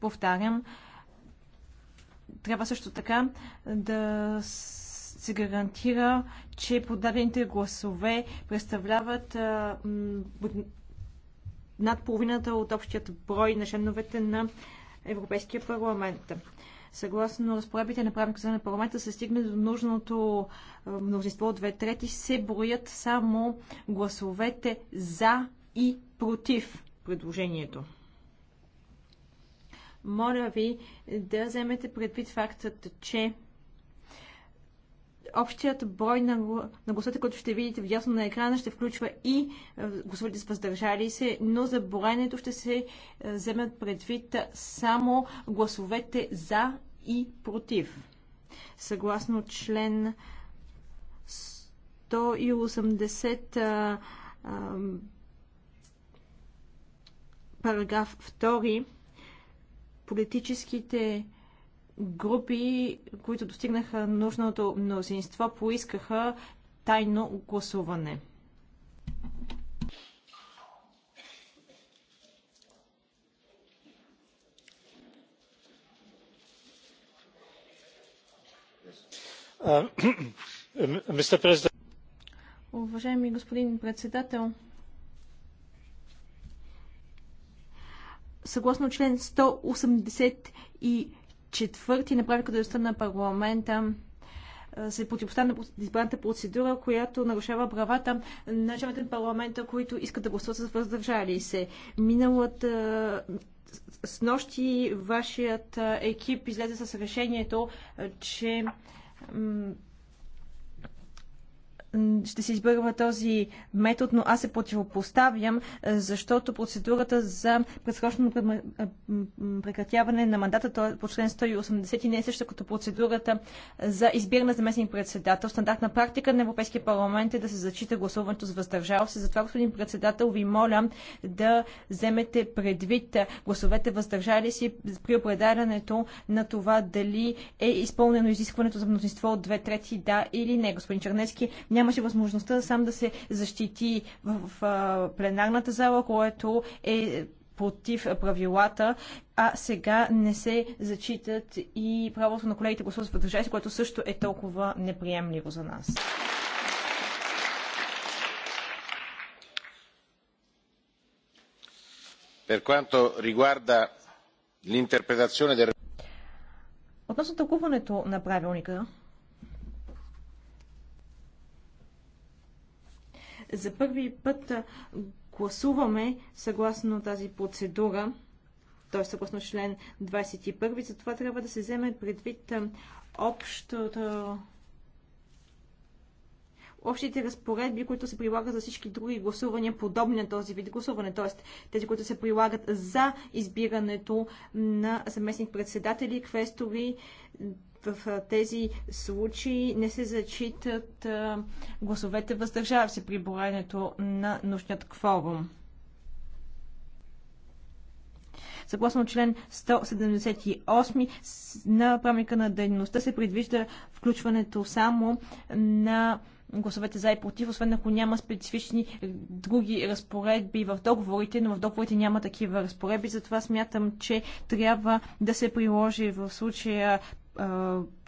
Повтарям, трябва също така да се гарантира, че подадените гласове представляват над половината от общият брой на членовете на Европейския парламент. Съгласно разпоредбите на правилника на парламента се стигне до нужното мнозинство от две трети, се броят само гласовете за и против предложението моля ви да вземете предвид фактът, че общият брой на, гласовете, който ще видите в дясно на екрана, ще включва и е, гласовете с въздържали се, но за броенето ще се е, вземат предвид само гласовете за и против. Съгласно член 180 а, а, параграф 2 политическите групи, които достигнаха нужното мнозинство, поискаха тайно гласуване. Уважаеми господин председател, съгласно член 184 на правилката на парламента се противопоставя на избраната процедура, която нарушава правата на членовете на парламента, които искат да гласуват с въздържали се. Миналата с нощи вашият екип излезе с решението, че ще се избърва този метод, но аз се противопоставям, защото процедурата за предсрочно прекратяване на мандата е по член 180 не е също като процедурата за избиране на заместник председател. Стандартна практика на Европейския парламент е да се зачита гласуването с въздържал се. Затова, господин председател, ви моля да вземете предвид гласовете въздържали си при определянето на това дали е изпълнено изискването за мнозинство от две трети да или не. Господин Чернески, няма нямаше възможността сам да се защити в, в, в пленарната зала, което е против правилата, а сега не се зачитат и правото на колегите гласуват въздържали държави, което също е толкова неприемливо за нас. Per quanto riguarda l'interpretazione del Относно тълкуването на правилника, За първи път гласуваме съгласно тази процедура, т.е. съгласно член 21, затова трябва да се вземе предвид общото общите разпоредби, които се прилагат за всички други гласувания, подобни на този вид гласуване, т.е. тези, които се прилагат за избирането на заместник председатели, квестори, в тези случаи не се зачитат гласовете въздържава се при броенето на нужният кворум. Съгласно член 178 на правилника на дейността се предвижда включването само на гласовете за и против, освен ако няма специфични други разпоредби в договорите, но в договорите няма такива разпоредби, затова смятам, че трябва да се приложи в случая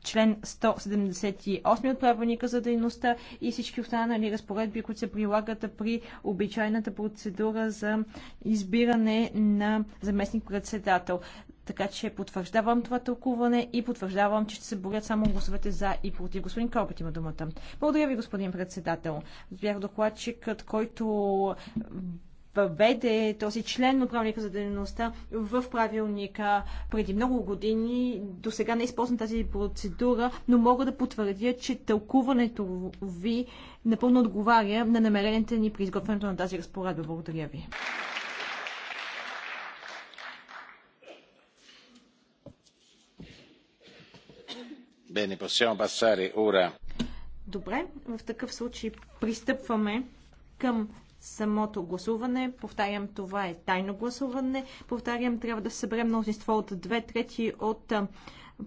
член 178 от правилника за дейността и всички останали разпоредби, които се прилагат при обичайната процедура за избиране на заместник-председател. Така че потвърждавам това тълкуване и потвърждавам, че ще се борят само гласовете за и против. Господин Корбет има думата. Благодаря ви, господин председател. Бях докладчикът, който въведе този член на правилника за дейността в правилника преди много години. До сега не е използвам тази процедура, но мога да потвърдя, че тълкуването ви напълно отговаря на намерените ни при изготвянето на тази разпоредба. Благодаря ви. Bene, possiamo passare ora. Добре, в такъв случай пристъпваме към самото гласуване. Повтарям, това е тайно гласуване. Повтарям, трябва да съберем мнозинство от две трети от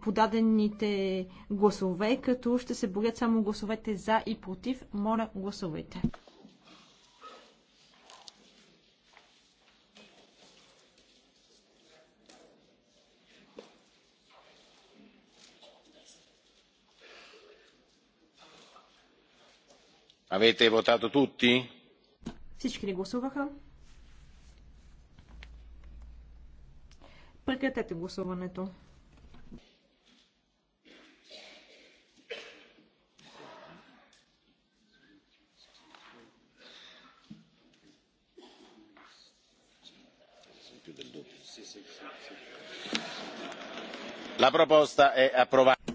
подадените гласове, като ще се борят само гласовете за и против. Моля, гласувайте. Avete votato tutti? Всички ли гласуваха? Прекратете гласуването. La proposta è approvata.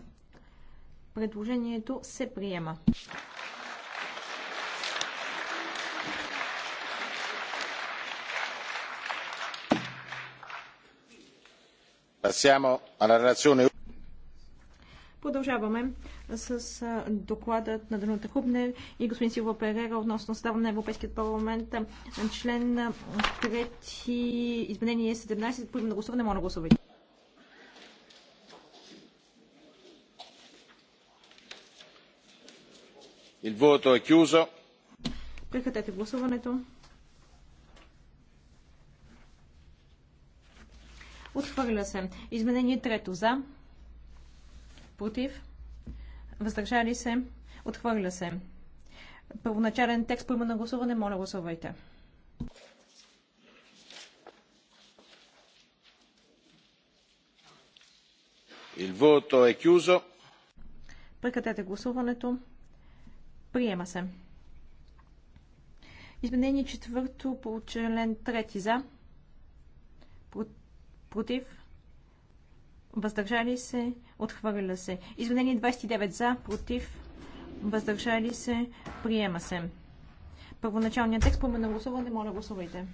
Предложението се приема. Продължаваме с доклада на Данута Хубнер и господин Силва Перера относно състава на Европейският парламент, член 3, изменение 17, поим на гласуване, моля гласувайте. Il voto è chiuso. Прекратете гласуването. Отхвърля се. Изменение трето за. Против. Въздържали се. Отхвърля се. Първоначален текст по има на гласуване. Моля, гласувайте. Il voto кюзо. chiuso. Прекратете гласуването. Приема се. Изменение четвърто по член трети за против, въздържали се, отхвърля се. Изменение 29 за, против, въздържали се, приема се. Първоначалният текст по на гласуване, моля гласувайте.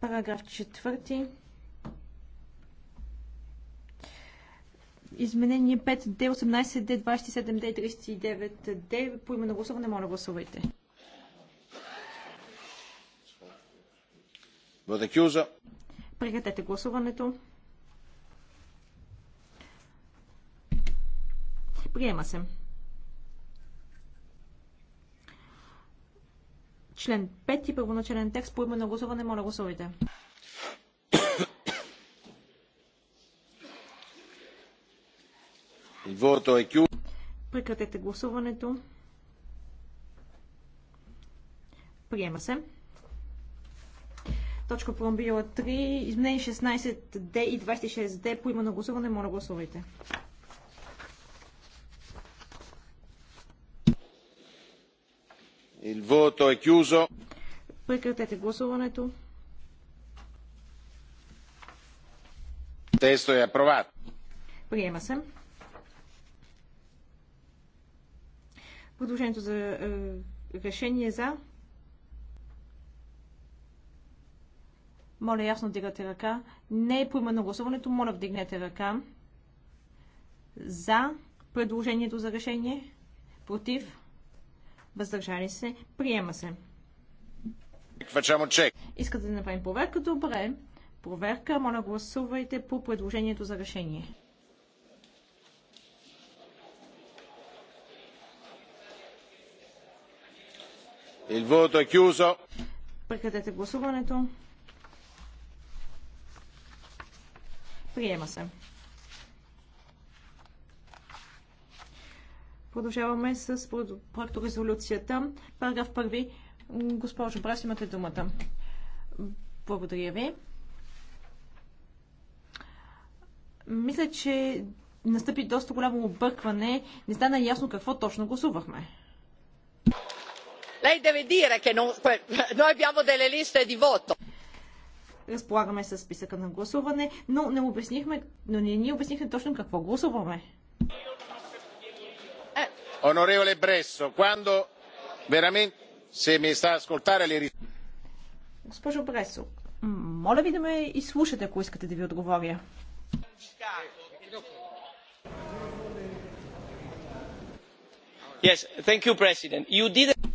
Параграф 4. Изменение 5, D18, D27, D39, D. По име на гласуване, моля гласувайте. Прекратете гласуването. Приема се. Член 5 и първоначален текст по име на гласуване. Моля гласувайте. е кю. Прекратете гласуването. Приема се точка по 3, изменение 16D и 26D по има на гласуване. Моля гласувайте. Il voto è chiuso. Прекратете гласуването. Тесто е апроват. Приема се. Продължението за е, решение за Моля ясно дигате ръка. Не е поименно гласуването. Моля вдигнете ръка. За предложението за решение. Против. Въздържали се. Приема се. Искате да направим проверка? Добре. Проверка. Моля гласувайте по предложението за решение. Il voto è chiuso. Прекратете гласуването. Приема се. Продължаваме с проекторезолюцията. Параграф първи. Госпожо Брас, имате думата. Благодаря ви. Мисля, че настъпи доста голямо объркване. Не стана ясно какво точно гласувахме. Lei deve dire che non... noi abbiamo delle liste di voto разполагаме с списъка на гласуване, но не, обяснихме, но не ни обяснихме точно какво гласуваме. Onorevole е. Bresso, quando veramente se mi sta ascoltare le Госпожо Бресо, моля ви да ме изслушате, ако искате да ви отговоря. Yes, thank you, President. You didn't...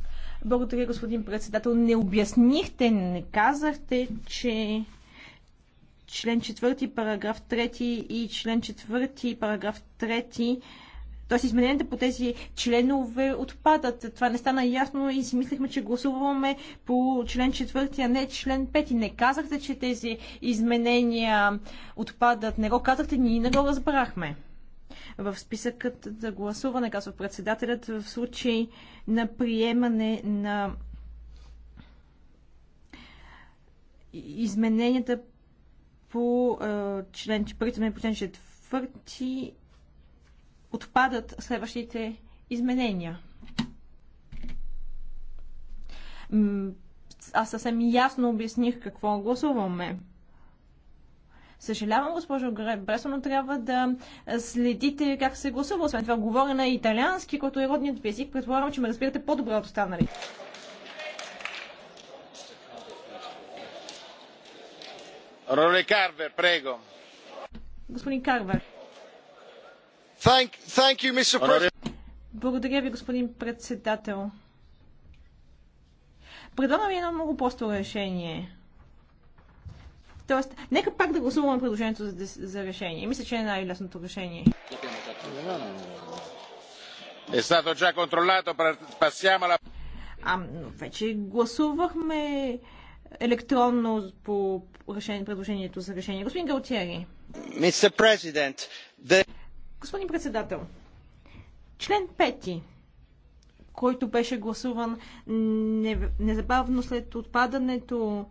Благодаря, господин председател. Не обяснихте, не казахте, че член 4, параграф 3 и член 4, параграф 3 т.е. измененията по тези членове отпадат. Това не стана ясно и си мислихме, че гласуваме по член 4, а не член 5. Не казахте, че тези изменения отпадат. Не го казахте, ние не го разбрахме в списъкът за гласуване, казва председателят, в случай на приемане на измененията по член 4, по член 4 отпадат следващите изменения. Аз съвсем ясно обясних какво гласуваме. Съжалявам, госпожо Бресо, но трябва да следите как се гласува. Освен това, говоря на италиански, който е родният ви език. Предполагам, че ме разбирате по-добре от останалите. Карвер, прего. Господин Карвер. Thank, thank you, Благодаря ви, господин председател. Предлагам ви едно много просто решение. Тоест, нека пак да гласуваме предложението за, за решение. Мисля, че е най-лесното решение. Е stato А, вече гласувахме електронно по решение, предложението за решение. Господин Галтиери. The... Господин председател, член 5, който беше гласуван незабавно след отпадането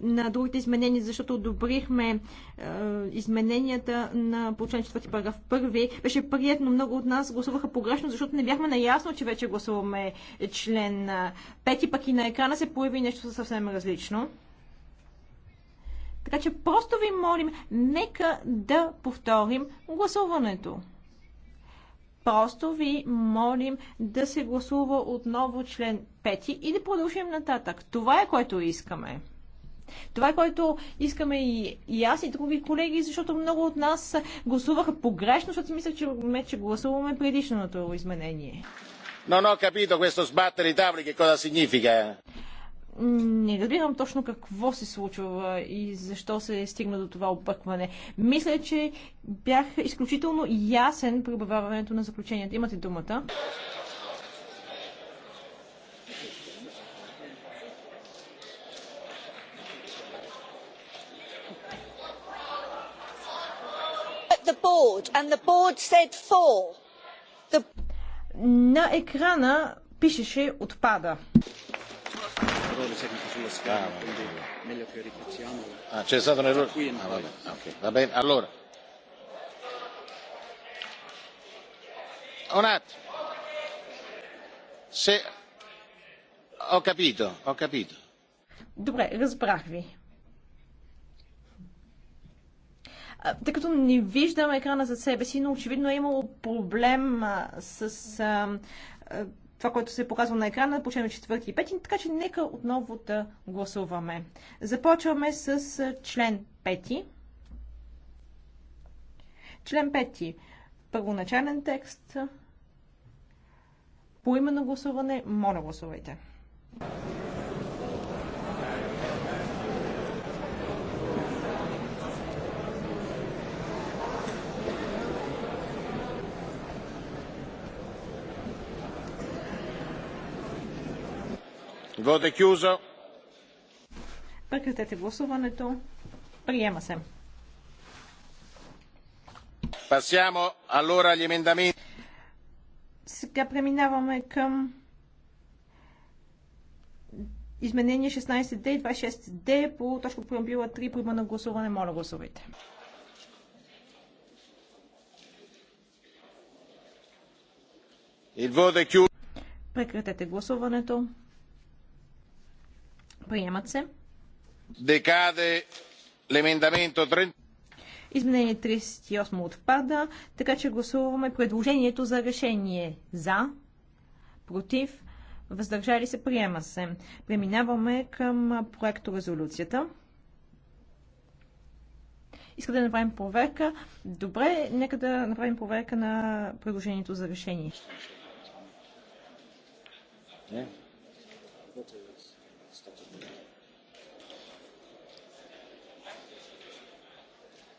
на другите изменения, защото одобрихме е, измененията на получен член 4 параграф 1. Беше приятно много от нас гласуваха погрешно, защото не бяхме наясно, че вече гласуваме член 5, е, пък и на екрана се появи нещо съвсем различно. Така че просто ви молим, нека да повторим гласуването. Просто ви молим да се гласува отново член 5 и да продължим нататък. Това е което искаме. Това, което искаме и, и аз и други колеги, защото много от нас гласуваха погрешно, защото мисля, че, че гласуваме предишното изменение. Но, но, капито, което сбатери табли, какво да significa. Не разбирам точно какво се случва и защо се стигна до това объркване. Мисля, че бях изключително ясен при обявяването на заключенията. Имате думата. the board and the board said four. The... На екрана пишеше отпада. Ah, c'è stato un errore. Ah, va, bene. Okay. va bene, allora. Un attimo. Se... Ho capito, ho capito. Добре, разбрах ви. тъй като не виждам екрана за себе си, но очевидно е имало проблем с а, а, това, което се е показва на екрана, по член 4 и 5, така че нека отново да гласуваме. Започваме с член 5. Член 5. Първоначален текст. По именно гласуване, моля гласувайте. Voto chiuso. Прекратете гласуването. Приема се. Passiamo allora agli emendamenti. Сега преминаваме към изменение 16D и 26D по точка преамбила 3 по има на гласуване. Моля гласувайте. Прекратете гласуването. Приемат се. Декаде лемендаменто 30. Изменение 38 отпада, така че гласуваме предложението за решение за, против, въздържали се, приема се. Преминаваме към проекто резолюцията. Иска да направим проверка. Добре, нека да направим проверка на предложението за решение. Не?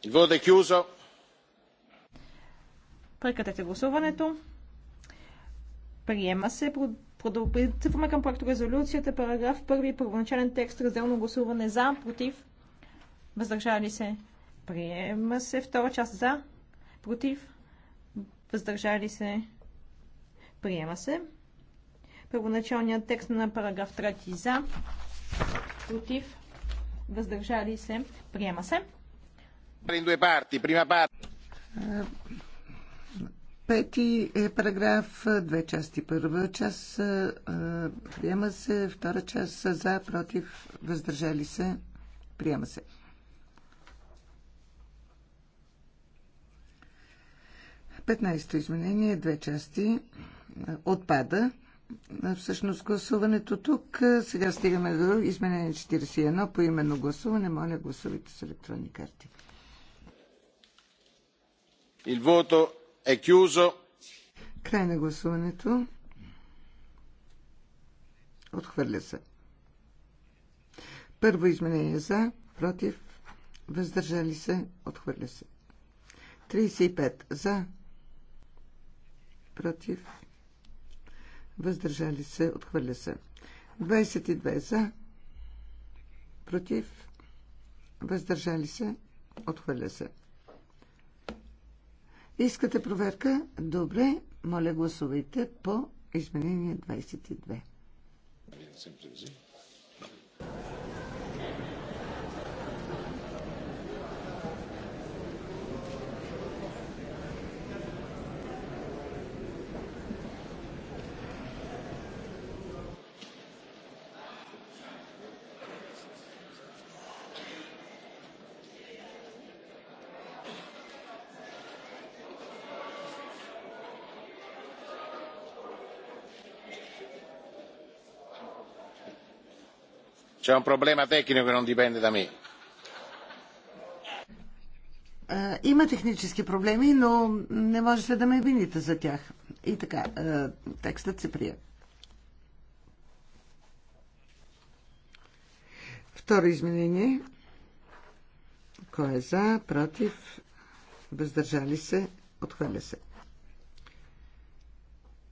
Il voto chiuso. Прекратете гласуването. Приема се. Продължаваме към проекто резолюцията. Параграф 1. Първоначален текст. Разделно гласуване за. Против. Въздържали се. Приема се. Втора част за. Против. Въздържали се. Приема се. Първоначалният текст на параграф 3 за. Против. Въздържали се. Приема се. Пети е параграф, две части. Първа част приема се, втора част за, против, въздържали се, приема се. Петнайсто изменение, две части, отпада. Всъщност гласуването тук. Сега стигаме до изменение 41 по именно гласуване. Моля, гласувайте с електронни карти. Il voto è chiuso. Край на гласуването. Отхвърля се. Първо изменение за, против, въздържали се, отхвърля се. 35 за, против, въздържали се, отхвърля се. 22 за, против, въздържали се, отхвърля се. Искате проверка? Добре. Моля, гласувайте по изменение 22. c'è un problema tecnico che non dipende da me. Е, има технически проблеми, но не можете да ме вините за тях. И така, е, текстът се прие. Второ изменение. Кой е за, против, въздържали се, отхвърля се.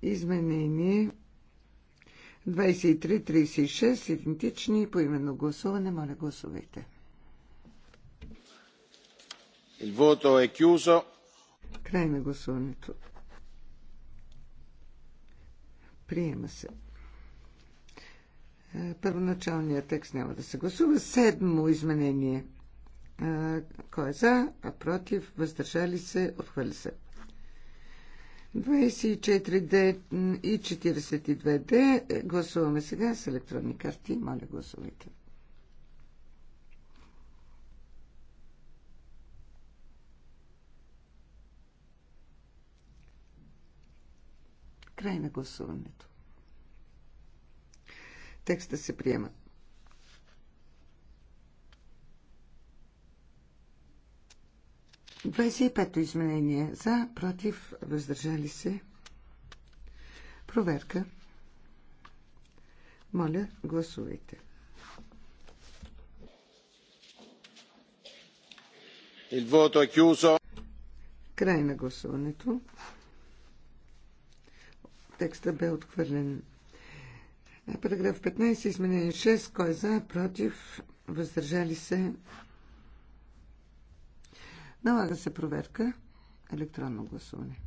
Изменение 23-36 идентични по именно гласуване. Моля, гласувайте. Il voto е chiuso. Край на гласуването. Приема се. Е, първоначалният текст няма да се гласува. Седмо изменение. Е, кой е за, а против, въздържали се, отхвърли се. 24D и 42D. Гласуваме сега с електронни карти. Моля, гласувайте. Край на гласуването. Текста се приема. 25-то изменение. За, против, въздържали се. Проверка. Моля, гласувайте. Il voto è chiuso. Край на гласуването. Текста бе отхвърлен. Параграф 15, изменение 6. Кой е за, против, въздържали се, Налага се проверка. Електронно гласуване.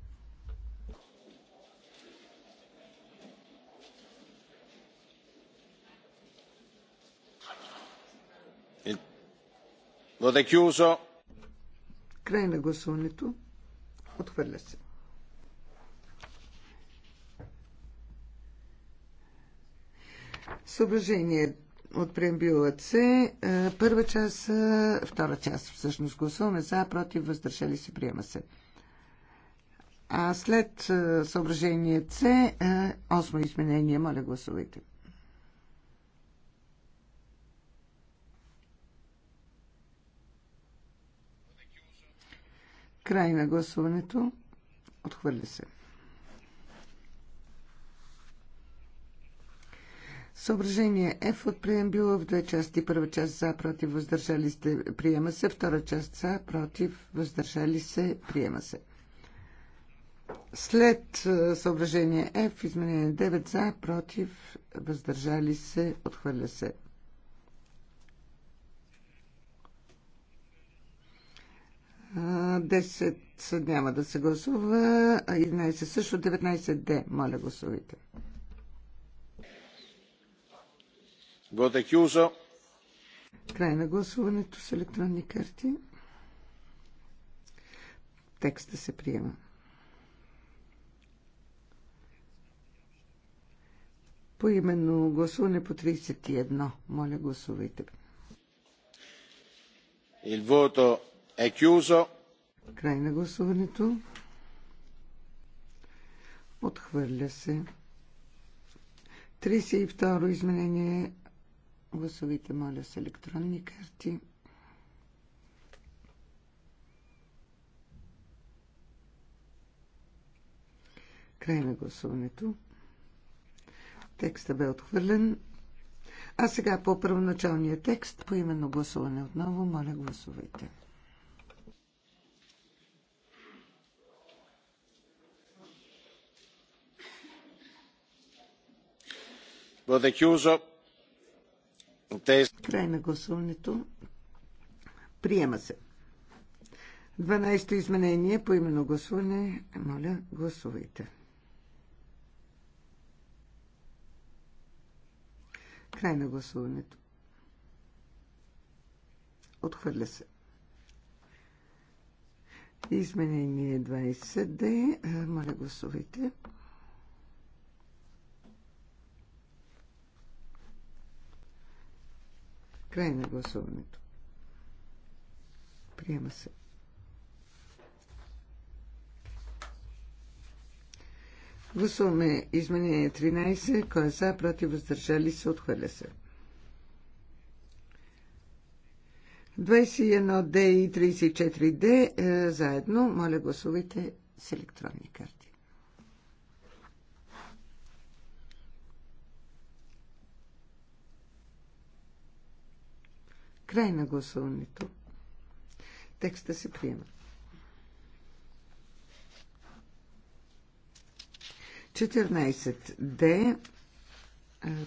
Voto Край на гласуването. Отхвърля се. Съображение от преамбюла С. Е, първа част, е, втора част всъщност гласуваме за, против, въздържали се, приема се. А след е, съображение С, осмо изменение, моля гласувайте. Край на гласуването. Отхвърля се. Съображение F от било в две части. Първа част за, против, въздържали се, приема се. Втора част за, против, въздържали се, приема се. След съображение F, изменение 9 за, против, въздържали се, отхвърля се. Десет няма да се гласува, 11 също, 19 Д. Моля, гласувайте. е chiuso. Край на гласуването с електронни карти. Текста се приема. Поименно гласуване по 31. Моля, гласувайте. Il voto è chiuso. Край на гласуването. Отхвърля се. 32 изменение Гласувайте, моля, с електронни карти. Край на гласуването. Текстът бе отхвърлен. А сега по първоначалния текст, по именно гласуване отново, моля гласувайте. Lo Край на гласуването. Приема се. 12-то изменение по именно гласуване. Моля, гласувайте. Край на гласуването. Отхвърля се. Изменение 20D. Моля, гласувайте. Край на гласуването. Приема се. Гласуваме изменение 13. Кой е за, против, въздържали се, отхвърля се. 21D и 34D е, заедно. Моля, гласувайте с електронни карти. Край на гласуването. Текста се приема. Четирнайсет Д.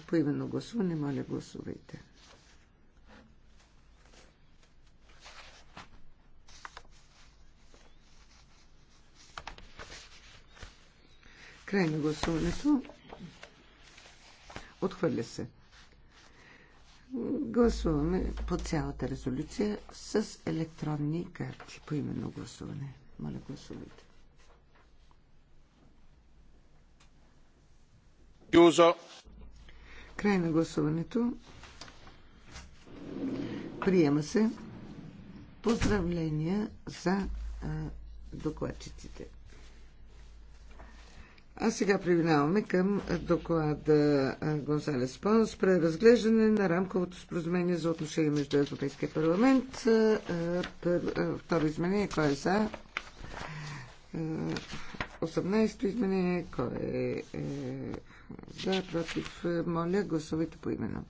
Поименно гласуване. Моля, гласувайте. Край на гласуването. Отхвърля се. Гласуваме по цялата резолюция с електронни карти по именно гласуване. Моля, гласувайте. Юзо. Край на гласуването. Приема се. Поздравления за а, докладчиците. А сега преминаваме към доклада Гонсалес Понс, преразглеждане на рамковото споразумение за отношение между Европейския парламент. Второ изменение, кой е за? 18-то изменение, кой е, е, за, против, моля, гласувайте по имена.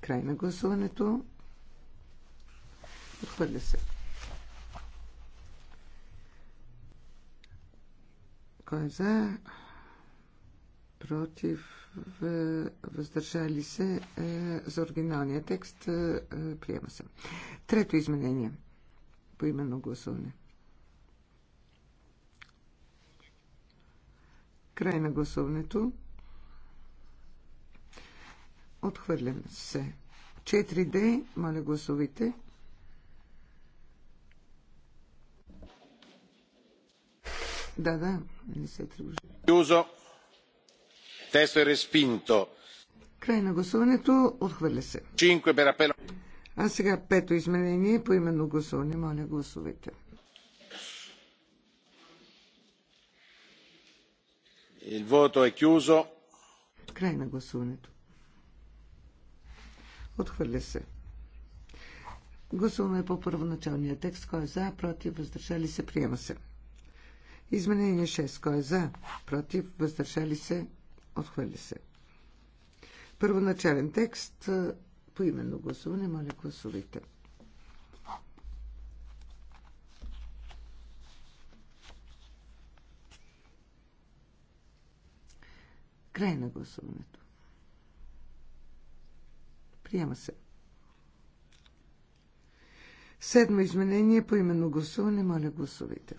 Край на гласуването. Отхвърля се. Кой е за? Против? Въздържали се? Е, за оригиналния текст е, е, приема се. Трето изменение. По именно гласуване. Край на гласуването. Отхвърлям се. 4D, моля гласувайте. Да, да, не се тръгваше. Тесто е респинто. Край на гласуването. Отхвърля се. А сега пето изменение по именно гласуване. Моля, гласувайте. Il voto è chiuso. Край на гласуването. Отхвърля се. Гласуваме по първоначалния текст. Кой е за, против, въздържали се, приема се. Изменение 6. Кой е за? Против? Въздържали се? Отхвърля се. Първоначален текст по именно гласуване. Моля, гласувайте. Край на гласуването. Приема се. Седмо изменение по именно гласуване. Моля, гласувайте.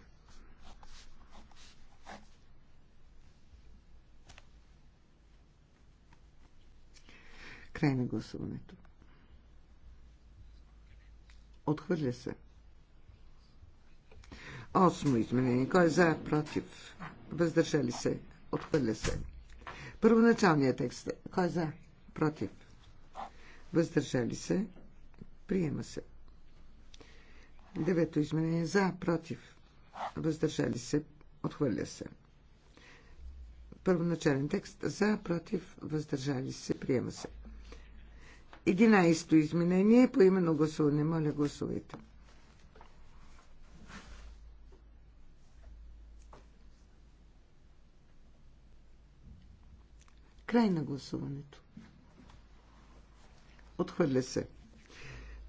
Край на гласуването. Отхвърля се. Осмо изменение. Кой е за, против? Въздържали се. Отхвърля се. Първоначалният текст. Кой е за, против? Въздържали се. Приема се. Девето изменение. За, против? Въздържали се. Отхвърля се. Първоначален текст. За, против? Въздържали се. Приема се. 11-то изменение по именно гласуване. Моля, гласувайте. Край на гласуването. Отхвърля се.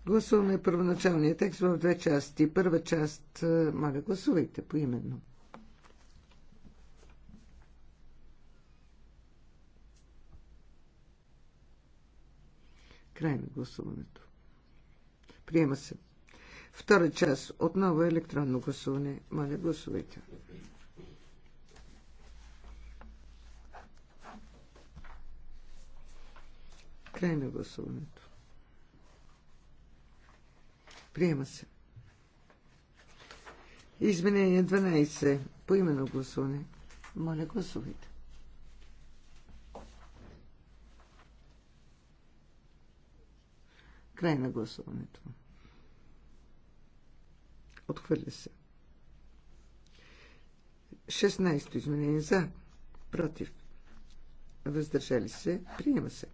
Гласуваме първоначалния текст в две части. Първа част, е, моля, гласувайте поименно. Край на гласуването. Приема се. Втора част. Отново е електронно гласуване. Моля, гласувайте. Край на гласуването. Приема се. Изменение 12. По именно гласуване. Моля, гласувайте. Край на гласуването. Отхвърля се. 16 изменение за. Против. Въздържали се. Приема се.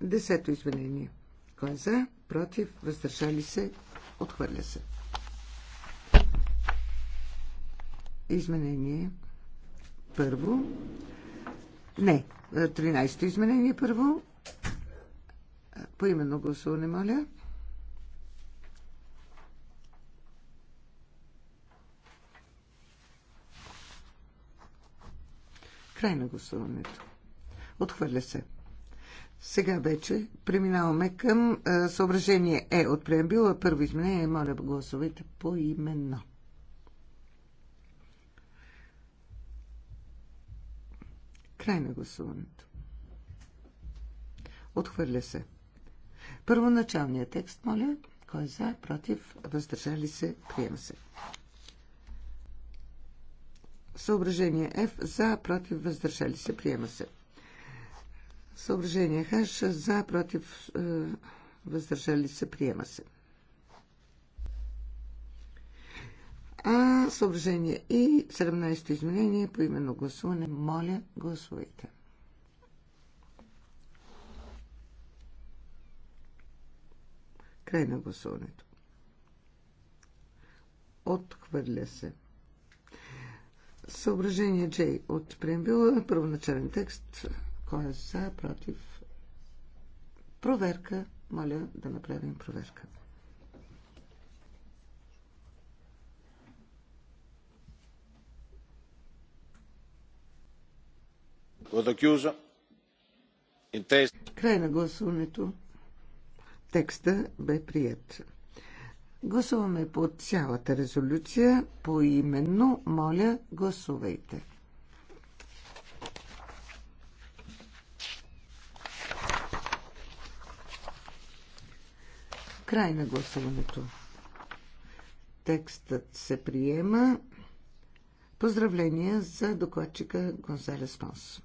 Десето изменение. Кой е за? Против. Въздържали се. Отхвърля се. Изменение. Първо. Не. 13-то изменение първо. По именно гласуване, моля. Край на гласуването. Отхвърля се. Сега вече преминаваме към съображение Е от преамбила. Първо изменение. Моля, гласувайте по именно. Край на гласуването. Отхвърля се. Първоначалният текст, моля, кой е за, против, въздържали се, приема се. Съображение F за, против, въздържали се, приема се. Съображение H за, против, е, въздържали се, приема се. А съображение и 17-то изменение по именно гласуване. Моля, гласувайте. Край на гласуването. Отхвърля се. Съображение J от преембила. Първоначален текст. Кой е за, против? Проверка. Моля да направим проверка. Край на гласуването. Текста бе прият. Гласуваме по цялата резолюция поименно Моля, гласувайте. Край на гласуването. Текстът се приема. Поздравления за докладчика Гонзалес Понс.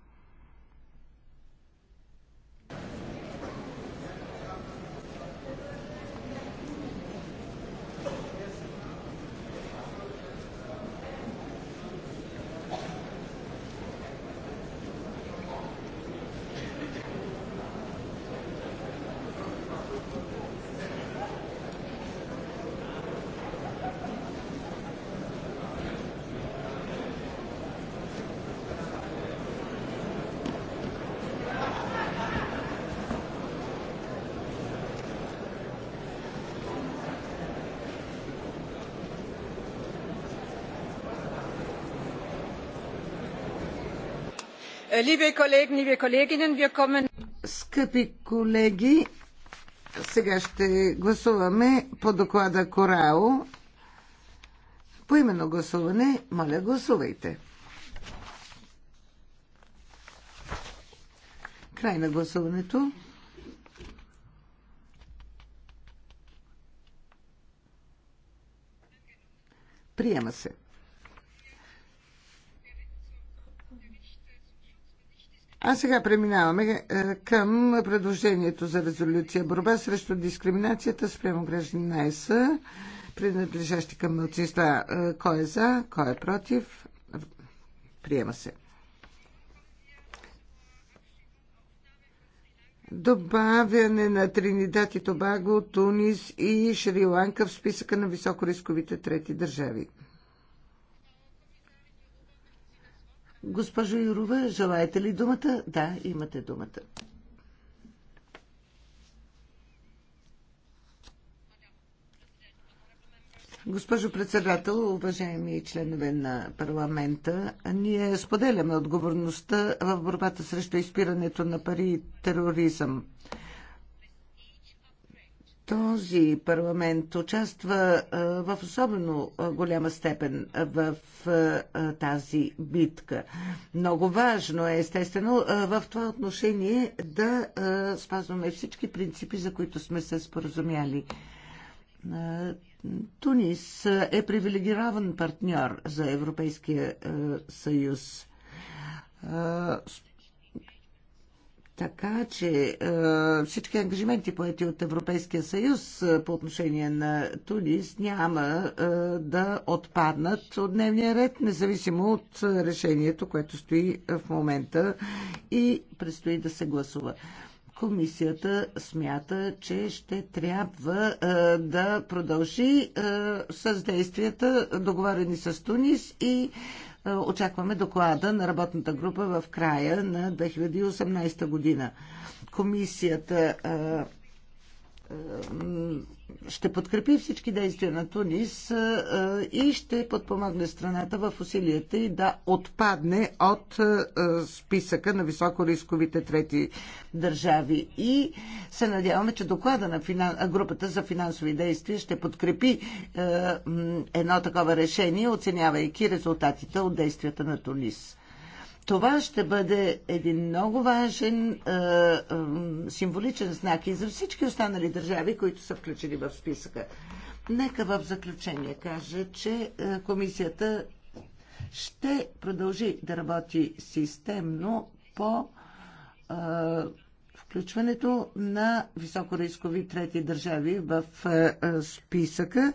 Äh, liebe Kollegen, liebe Kolleginnen, wir kommen... Скъпи колеги, сега ще гласуваме по доклада Корао. По именно гласуване, моля гласувайте. Край на гласуването. Приема се. А сега преминаваме е, към предложението за резолюция борба срещу дискриминацията спрямо граждани на ЕС, принадлежащи към мълцинства. Е, кой е за, кой е против? Приема се. Добавяне на Тринидад и Тобаго, Тунис и Шри-Ланка в списъка на високорисковите трети държави. Госпожо Юрова, желаете ли думата? Да, имате думата. Госпожо председател, уважаеми членове на парламента, ние споделяме отговорността в борбата срещу изпирането на пари и тероризъм този парламент участва в особено голяма степен в тази битка. Много важно е, естествено, в това отношение да спазваме всички принципи, за които сме се споразумяли. Тунис е привилегирован партньор за Европейския съюз така че е, всички ангажименти, поети от Европейския съюз е, по отношение на Тунис, няма е, да отпаднат от дневния ред, независимо от решението, което стои в момента и предстои да се гласува. Комисията смята, че ще трябва а, да продължи а, с действията, договорени с Тунис и е, очакваме доклада на работната група в края на 2018 година. Комисията е, ще подкрепи всички действия на Тунис и ще подпомогне страната в усилията и да отпадне от списъка на високорисковите трети държави. И се надяваме, че доклада на финан... групата за финансови действия ще подкрепи едно такова решение, оценявайки резултатите от действията на Тунис. Това ще бъде един много важен а, е, а, е, символичен знак и за всички останали държави, които са включени в списъка. Нека в заключение кажа, че а, е, комисията ще продължи да работи системно по включването на високорискови трети държави в е, е, списъка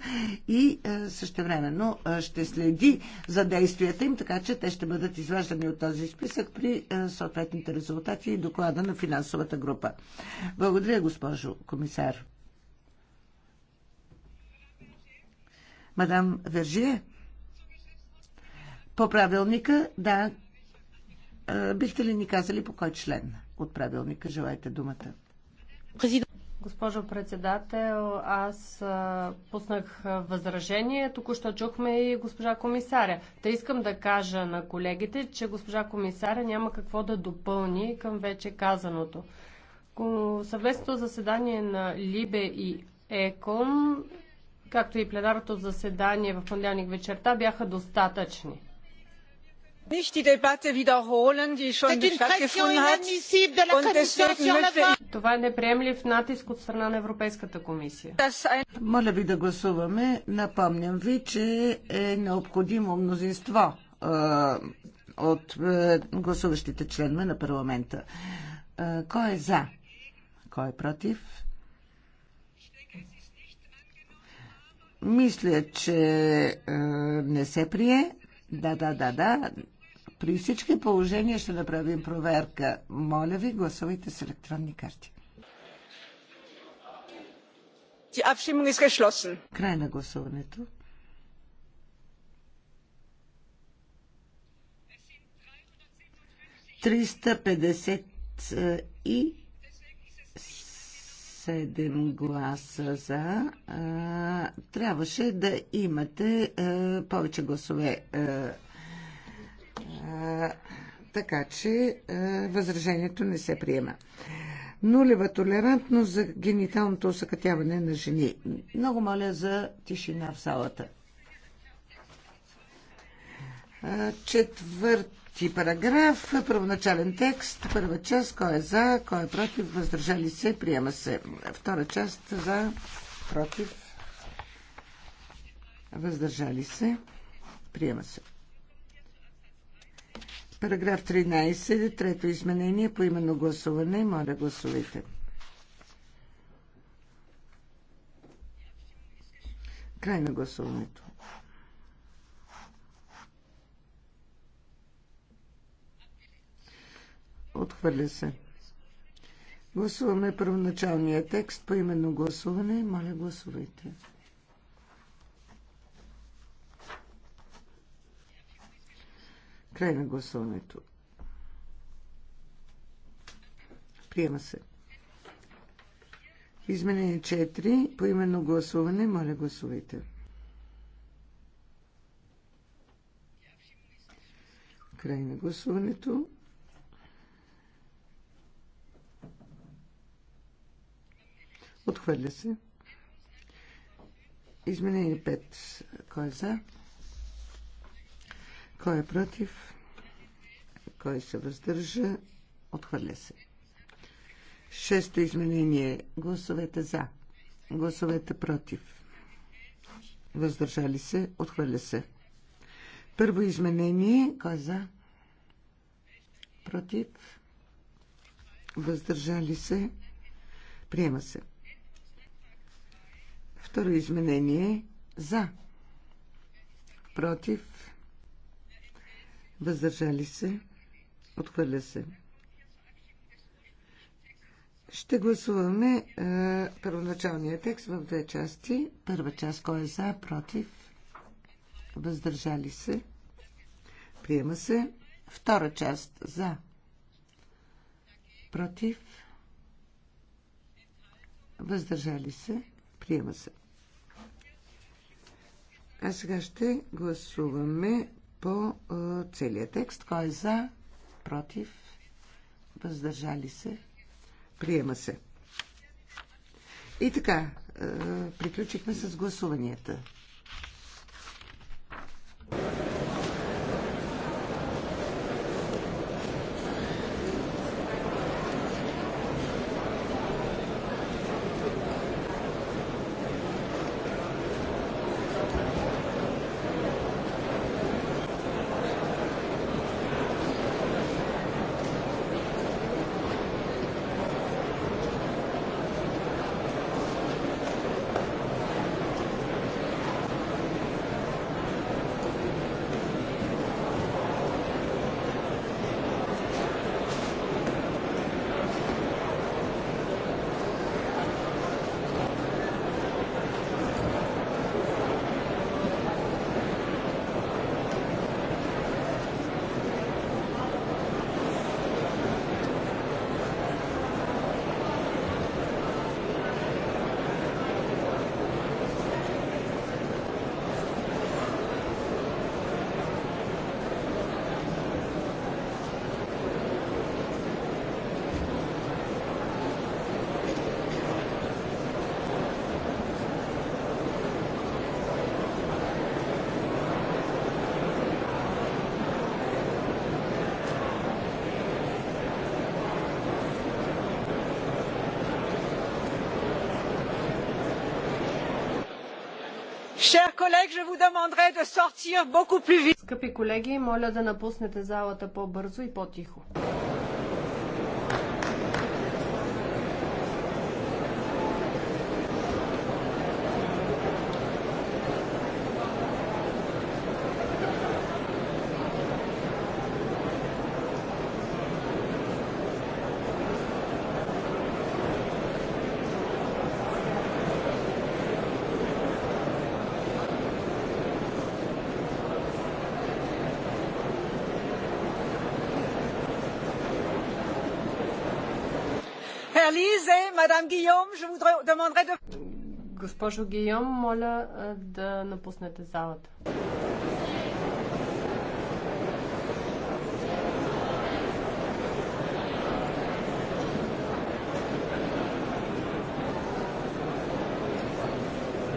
и е, същевременно ще следи за действията им, така че те ще бъдат изваждани от този списък при съответните резултати и доклада на финансовата група. Благодаря, госпожо комисар. Мадам Вержие? По правилника, да. Бихте ли ни казали по кой член? от правилника. Желаете думата. Госпожо председател, аз пуснах възражение. Току-що чухме и госпожа комисаря. Та искам да кажа на колегите, че госпожа комисаря няма какво да допълни към вече казаното. Съвместното заседание на Либе и Екон, както и пленарното заседание в понеделник вечерта, бяха достатъчни. Това е неприемлив натиск от страна на Европейската комисия. Моля ви да гласуваме. Напомням ви, че е необходимо мнозинство от е, гласуващите членове на парламента. Кой е за? Кой е против? Мисля, че е, не се прие. Да, да, да, да. При всички положения ще направим проверка. Моля ви, гласувайте с електронни карти. Край на гласуването. Триста пятьдесят и седем гласа за. трябваше да имате повече гласове така че възражението не се приема. Нулева толерантност за гениталното усъкътяване на жени. Много моля за тишина в салата. Четвърти параграф, първоначален текст, първа част, кой е за, кой е против, въздържали се, приема се. Втора част за, против, въздържали се, приема се. Параграф 13, трето изменение по именно гласуване. Моля, гласувайте. Край на гласуването. Отхвърля се. Гласуваме първоначалния текст по именно гласуване. Моля, гласувайте. Край на гласуването. Приема се. Изменение 4. По именно гласуване. Моля, гласувайте. Край на гласуването. Отхвърля се. Изменение 5. Кой е за? Кой е против? Кой се въздържа? Отхвърля се. Шесто изменение. Гласовете за. Гласовете против. Въздържали се. Отхвърля се. Първо изменение. Кой е за? Против. Въздържали се. Приема се. Второ изменение. За. Против въздържали се, отхвърля се. Ще гласуваме е, първоначалния текст в две части. Първа част, кой е за, против, въздържали се, приема се. Втора част, за, против, въздържали се, приема се. А сега ще гласуваме по целия текст. Кой е за, против, въздържали се, приема се. И така, приключихме с гласуванията. collègues, je vous demanderai de sortir beaucoup plus vite. Скъпи колеги, моля да напуснете залата по-бързо и по-тихо. Madame Guillaume, je vous demanderai de... Госпожо Гийом, моля да напуснете залата.